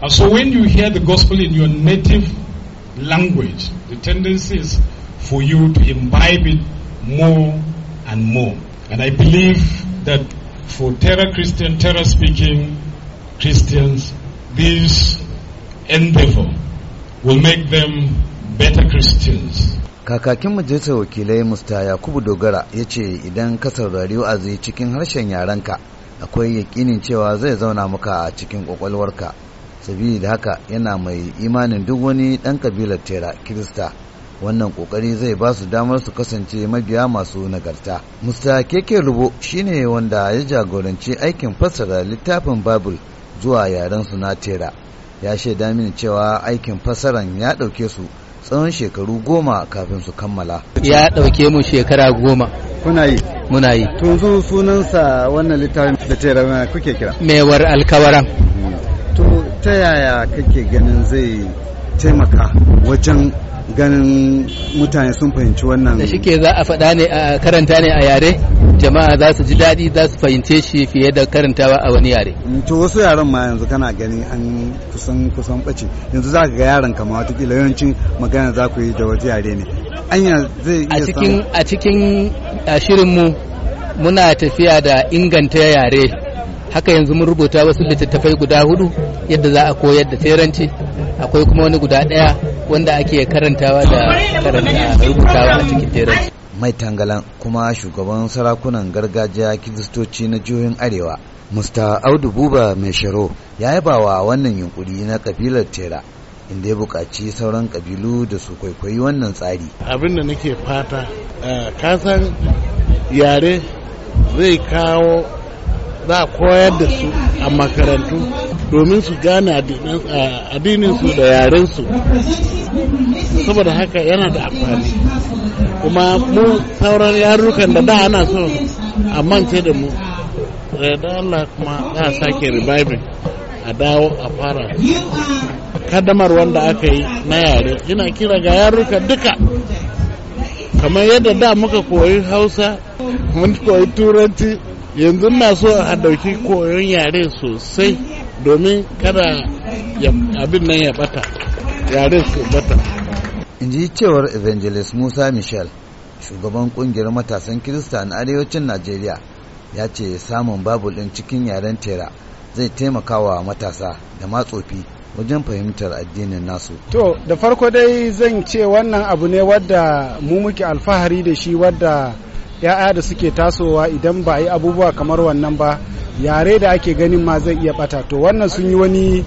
And uh, so when you hear the gospel in your native language, the tendency is for you to imbibe it more and more. And I believe that for Terra Christian, Terra speaking Christians, this endeavor will make them better Christians. Kakakin majalisar wakilai Musta Yakubu Dogara ya ce idan ka saurari wa'azi cikin harshen yarenka akwai yakinin cewa zai zauna maka a cikin kwakwalwarka sabili da haka yana mai imanin duk wani ɗan kabilar tera kirista wannan kokari zai ba su damar su kasance mabiya masu nagarta musta keke rubo shine wanda ya jagoranci aikin fassara littafin babul zuwa yaren su na tera ya shaida mini cewa aikin fassaran ya ɗauke su tsawon shekaru goma kafin su kammala ya ɗauke mu shekara goma kuna yi muna yi tunzu sunansa wannan littafin da tera kuke kira mewar alkawaran to ta yaya kake ganin zai taimaka wajen ganin mutane sun fahimci wannan da shike za a faɗa ne a karanta ne a yare jama'a za su ji daɗi za su fahimce shi fiye da karantawa a wani yare to wasu yaren ma yanzu kana gani an kusan kusan ɓace yanzu za ka ga yaron kama watakila yawancin magana za ku yi da wata yare ne anya zai a cikin a cikin shirinmu muna tafiya da inganta yare haka yanzu mun rubuta wasu littattafai guda hudu yadda za a koyar da teranci akwai kuma wani guda ɗaya wanda ake karantawa da karanta rubutawa a cikin teranci mai tangalan kuma shugaban sarakunan gargajiya kiristoci na jihohin arewa musta audu buba mai sharo ya yaba wa wannan yunkuri na kabilar tera inda ya buƙaci sauran kabilu da su kwaikwayi wannan tsari abin da nake fata eh, kasan yare zai kawo za a koyar da su a makarantu domin su gane addininsu da yarensu saboda haka yana da amfani kuma mu sauran yarukan da da ana so a mance da mu eh, da Allah kuma za a sake reviving a dawo a fara kadamar wanda aka yi na yare ina kira ga yaruka duka kamar yadda da muka koyi hausa mun koyi turanci yanzu na so a ɗauki koyon yare sosai domin kada abin nan ya bata yare su bata in ji cewar evangelist musa michel shugaban kungiyar matasan kirista na arewacin najeriya ya ce samun babu ɗin cikin yaren tera zai taimaka wa matasa da matsofi wajen fahimtar addinin nasu. To, da farko dai zan ce wannan abu ne wadda mu muke alfahari da shi wadda 'ya'ya da suke tasowa idan ba a yi abubuwa kamar wannan ba yare da ake ganin ma zai iya bata to wannan sun yi wani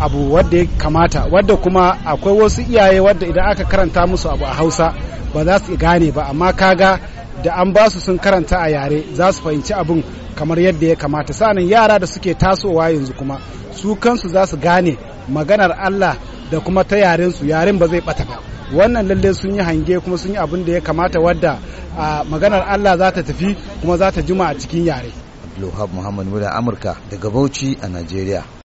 abu wadda ya kamata wadda kuma akwai wasu iyaye wadda idan aka karanta musu abu a hausa ba za su gane ba amma kaga da an ba su sun karanta a yare za su fahimci abin kamar yadda ya kamata sanan yara da suke tasowa yanzu kuma su kansu za su gane maganar allah da kuma ta yaren su yaren ba zai bata ba wannan lalle sun yi hange kuma sun yi abin da ya kamata wadda a maganar Allah za ta tafi kuma za ta jima a cikin yare. Abdullahi Muhammad Mura Amurka daga Bauchi a Najeriya.